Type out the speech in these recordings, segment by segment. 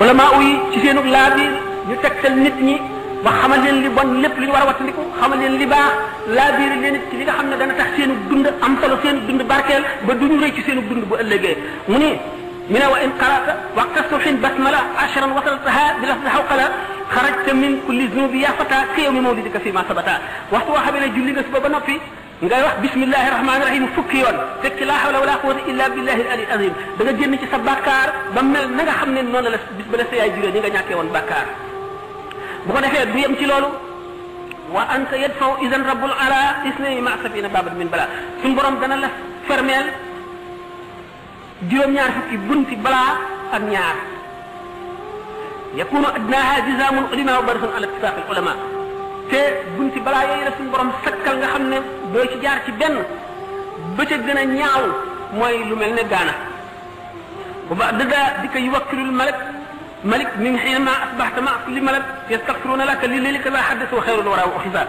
ulama yi ci seenu laabi ñu tegtal nit ñi ba xamal leen li bon lépp li ñu war a wattandiku xamal leen li baax laabiir leen it ci li nga xam ne dana tax seenu dund am solo seenu dund barkeel ba duñu rëy ci seenu dund bu ëllëgee mu ni من وإن قرأت وقت الصبح بسملة عشرا وصلتها بلفظ حوقلة خرجت من كل ذنوب يا فتى كيوم مولدك فيما ثبت وقت واحد من جلد سبب نفي ngay wax bismillahir rahmanir rahim fukki yoon fekk la hawla wala quwwata illa billahi al azim da nga génn ci sa bakkar ba mel na nga xamne non la bis ba la sa yaay ni nga ñaké won bakkar bu ko défé du yam ci lolu wa anta yadfa'u idhan rabbul ala isnay ma safina babat min bala sun borom dana la fermel juroom ñaar fukki bunti bala ak ñaar yakunu adnaha jizamul ulama wa barasun ala ittifaq ulama te bunti bala yoy la sun borom sakkal nga xamne doo ci jaar ci benn ba ca gën a ñaaw mooy lu mel ne gaana wa ba'da dika yuwakkilu malik malik min xiina ma asbaxta ma kulli malik yastaxfiruuna laka li lilika la xaddis wa xeyrul wara wa oxisa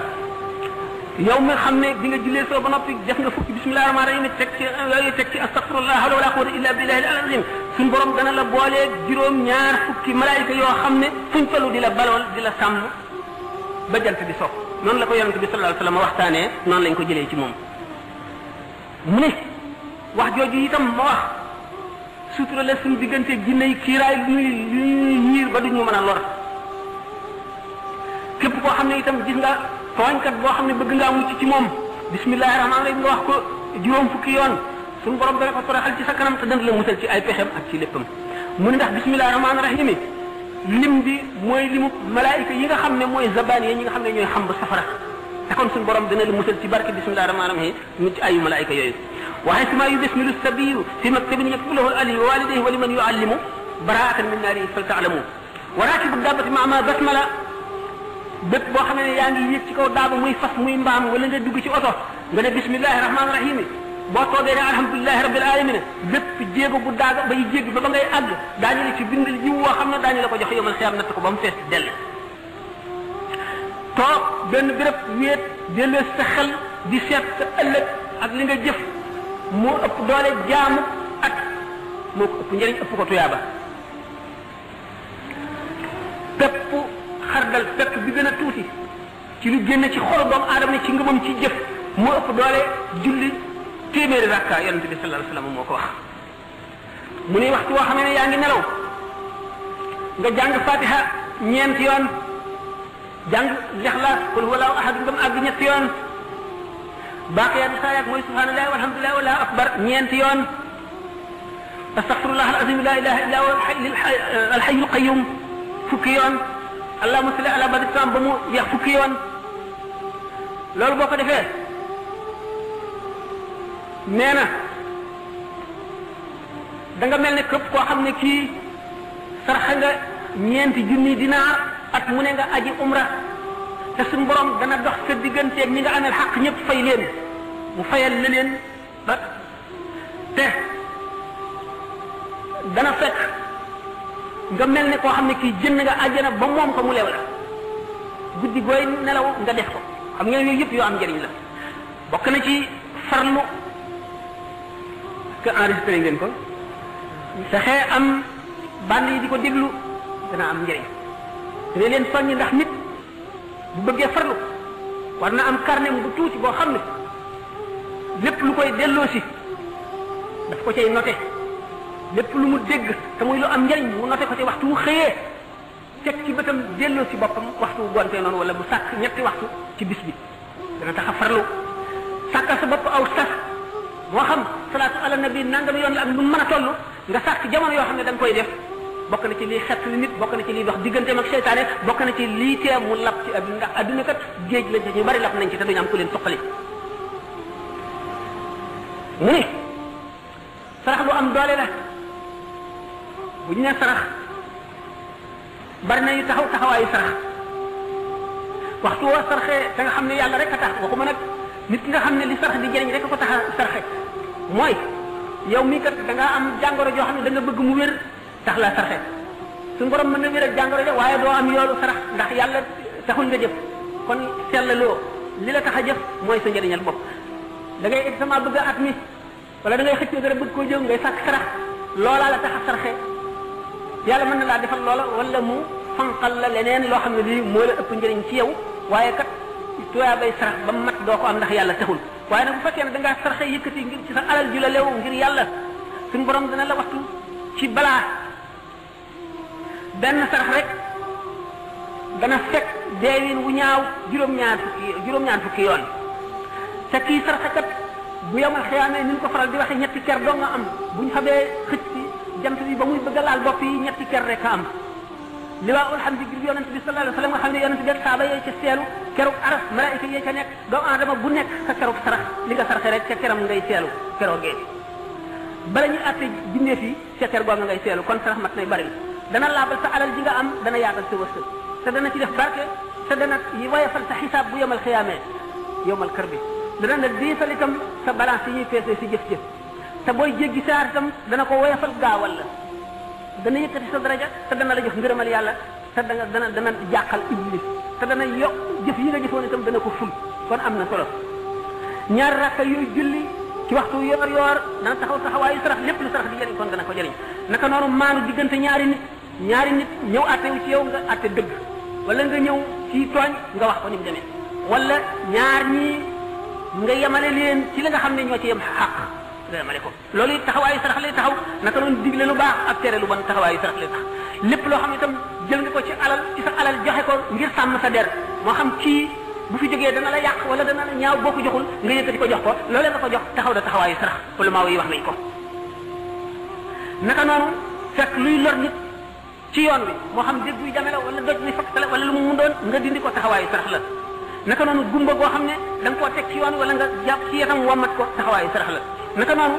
yow mi xam ne bi nga jullee soo ba noppi def nga fukki bismillahi rahmaani rahim teg ci yooyu teg ci astaxfirullah hawla wala quwwata illa billahi al azim suñ borom dana la boolee juróom ñaar fukki malaayika yoo xam ne fuñ tollu di la balool di la sàmm ba jant bi sopp noonu la ko yonent bi sallallahu alayhi ma sallam waxtaanee noonu lañ ko jëlee ci moom mu ne wax jooju itam ma wax sutura la suñu diggante jinne yi kiiraay lu ñuy lu ñuy yiir ba duñu mën a lor képp koo xam ne itam gis nga tooñkat boo xam ne bëgg ngaa mucc ci moom bismillahi rahmaani rahim nga wax ko juróom fukki yoon suñu borom dana ko toroxal ci sa kanam te dana la musal ci ay pexem ak ci léppam mu ne ndax bismillahi rahmaani rahim lim bi mooy limu malaayika yi nga xam ne mooy zabaan yi ñi nga xam ne ñooy xam bu safara te kon suñu borom dina la musal ci barke bismillah rahmaan rahim ñu ci ayu malaayika yooyu waaye si maa yu bismilu sabiyu fi maktabin yaktubulahu ali wa walidayhi wa liman yuallimu baraatan min naari fal taalamu wa raakibu daabati maama basmala bépp boo xam ne yaa ngi yéeg ci kaw daaba muy fas muy mbaam wala nga dugg ci oto nga ne bismillahi rahmaan rahim boo toogee ne alhamdulilahi rabbil alamin lépp jéego bu daaga bay jégg ba ba ngay àgg daañu la ci bindal jiw woo xam ne daañu la ko jox yomal xiyam natt ko ba mu fees dell toog benn béréb wéet delloo sa xel di seet sa ëllëg ak li nga jëf moo ëpp doole jaamu ak moo ko ëpp njëriñ ëpp ko tuyaaba bépp xardal fekk bi gën a tuuti ci lu génn ci xolu doomu aadama ne ci ngëmam ci jëf moo ëpp doole julli téeméeri rakka yonente bi sallallahu alayhi wasallam moo ko wax mu ni waxtu woo xamee ne yaa ngi nelaw nga jàng fatiha ñeent yoon jàng lixlaas qul huwallahu ahad nga mu àgg ñett yoon baaqiyaatu saayaat mooy subhanallahi walhamdulillahi wallahu akbar ñeent yoon astaghfirullah alazim la ilaha illa huwa alhayyul qayyum fukki yoon allahumma salli ala badi salaam ba mu yeex fukki yoon loolu boo ko defee nee na da mel ne képp koo xam ne kii sarxa nga ñeenti junni dinaar at mu ne nga aji umra te suñ borom dana dox sa digganteeg ñi nga amel xaq ñëpp fay leen mu fayal la leen ba te dana fekk nga mel ne koo xam ne kii jënd nga àjjana ba moom ko mu leew la guddi gooy nelaw nga def ko xam ngeen yooyu yëpp yoo am njëriñ la bokk na ci farlu que enregistré ngeen ko fexe am band yi di ko déglu dana am njëriñ dana leen soññi ndax nit bu bëggee farlu war na am carnet bu tuuti boo xam ne lépp lu koy delloo si daf ko cay noté lépp lu mu dégg te muy lu am njëriñ mu noté ko ci waxtu wu xëyee teg ci bëtam delloo si boppam waxtu wu gontee noonu wala bu sàkk ñetti waxtu ci bis bi dana tax a farlu sàkkal sa bopp aw sas moo xam salaatu ala nabi nangam yoon la ak lu mën a toll nga sàkk jamono yoo xam ne da nga koy def bokk na ci lii xett li nit bokk na ci lii wax digganteem ak seytaane bokk na ci lii tee mu lab ci àdduna ndax àdduna kat géej lañ ci ñu bari lab nañ ci te duñu am ku leen toqali mu ne sarax lu am doole la bu ñu ne sarax bari na yu taxaw taxawaayu sarax waxtu woo saraxee da nga xam ne yàlla rek a tax waxuma nag nit nga xamne li sarax di jeriñ rek ko taxa sarax moy yow mi kat da nga am jangoro jo xamne da nga bëgg mu wër tax la sarax sun borom mën wër ak jangoro ja waye do am yoolu sarax ndax yalla taxul nga jëf kon sellalo li la taxa jëf moy sa jeriñal bop da ngay examen bëgg at mi wala da ngay xëcc dara bëgg ko jëm ngay sak sarax loola la taxa saraxé yalla mën la defal loola wala mu fanqal la leneen lo xamne li mo la ëpp njëriñ ci yow waye kat tuyaa bay sarax ba mat doo ko am ndax yàlla taxul waaye nag bu fekkee ne da ngaa saraxe yëkkati ngir ci sa alal ju la leew ngir yàlla suñu borom dina la waxtu ci balaa benn sarax rek dana fekk deewin wu ñaaw juróom ñaan fukki juróom-ñaar fukki yoon te kii saraxekat bu yemal xiyaamee ni ñu ko faral di waxee ñetti ker doo nga am bu ñu xamee xëcc jant bi ba muy bëgg a laal bopp yi ñetti ker rek a am liwaa ulhamdi gir yonent bi sallallahu alayhi wa sallam nga xam ne yonent bi saaba keroog araf malaayika yee ca nekk doomu aadama bu nekk sa keroog sarax li nga saraxe rek ca keram ngay seelu keroog géej bala ñu àtte bindeef yi ca ker googa ngay seelu kon sarax mat nay bari dana laabal sa alal ji nga am dana yaatal sa wërsëg te dana ci def barke te dana woyofal sa xisaab bu yomal xiyaamee yomal kër bi dana la diisal itam sa balance yi ñuy feesee si jëf-jëf te booy jéggi saar itam dana ko woyofal gaawal la dana yëkkati sa daraja te dana la jox ngërëmal yàlla te dana dana jàqal iblis te dana yokk jëf yi nga jëfoon itam dana ko ful kon am na solo ñaar rakka yooyu julli ci waxtu yoor yoor dana taxaw taxawaayu sarax lépp lu sarax di jëriñ kon dana ko jëriñ naka noonu maanu diggante ñaari nit ñaari nit ñëw attewu ci yow nga atte dëgg walla nga ñëw ci tooñ nga wax ko ni mu demee wala ñaar ñii nga yemale leen ci li nga xam ne ñoo ci yem xaq nga yemale ko loolu it taxawaayu sarax lay taxaw naka noonu digle lu baax ak tere lu bon taxawaayu sarax lay tax lépp loo xam ne itam jël nga ko ci alal ci sa alal joxe ko ngir sàmm sa der moo xam kii bu fi jógee dana la yàq wala dana la ñaaw boo ko joxul nga yëkkati ko jox ko loolee nga ko jox taxaw da taxawaayu sarax ulama yi wax nañ ko naka noonu fekk luy lor ci yoon bi moo xam dégg buy dame la wala doj ni fakk lu mu mun doon nga dindi ko taxawaayu sarax la naka noonu gumba goo xam ne da koo teg ci yoon wala nga jàpp ci yetam wàmmat ko taxawaayu sarax la naka noonu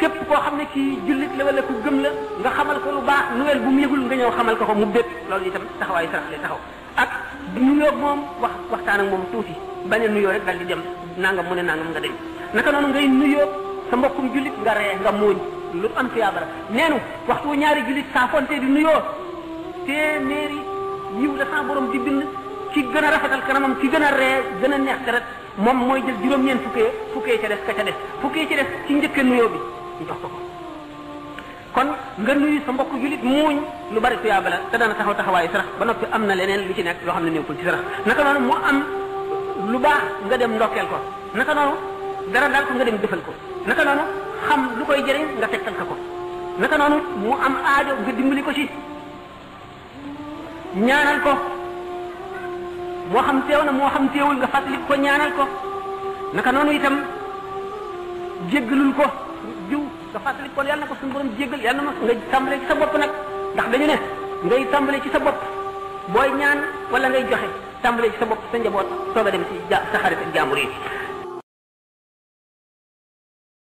képp koo xam ne kii jullit la wala ku gëm la nga xamal ko lu baax nouvelle bu mu yëgul nga ñëw xamal ko ko mu bépp loolu itam taxawaayu sarax lay taxaw ak nuyoo ak moom wax waxtaan ak moom tuuti bañ a nuyoo rek daal di dem nangam mu ne nangam nga dem naka noonu ngay nuyoo sa mbokkum jullit nga ree nga mooñ lu am tuyaaba la neenu waxtu ñaari jullit saa fonte di nuyoo téeméeri yiw la sa borom di bind ci gën a rafetal kanamam ki gën a ree gën a neex deret moom mooy jël juróom-ñeent fukkee fukkee ca def ka ca def fukkee ca def ci njëkke bi ñu ko kon nga nuyu sa mbokk julit muuñ lu bari tuyaaba la te dana taxaw taxawaayu sarax ba noppi am na leneen lu ci nekk loo xam ne nekkul ci sarax naka noonu mu lu baax nga dem ndokkeel ko naka noonu dara nga dem defal ko naka lu koy jëriñ nga tegtal ka ko naka noonu mu am aajo nga dimbali ko ci ñaanal ko moo xam teew na moo xam teewul nga fàttali ko ñaanal ko naka noonu itam jéggalul ko jiw nga fàttali kon yàlla na ko suñu borom jéggal yàlla na ma nga tàmbalee ci sa bopp nag ndax dañu ne ngay tàmbalee ci sa bopp booy ñaan wala ngay joxe tàmbalee ci sa bopp sa njaboot sooga dem ci sa xarit ak yi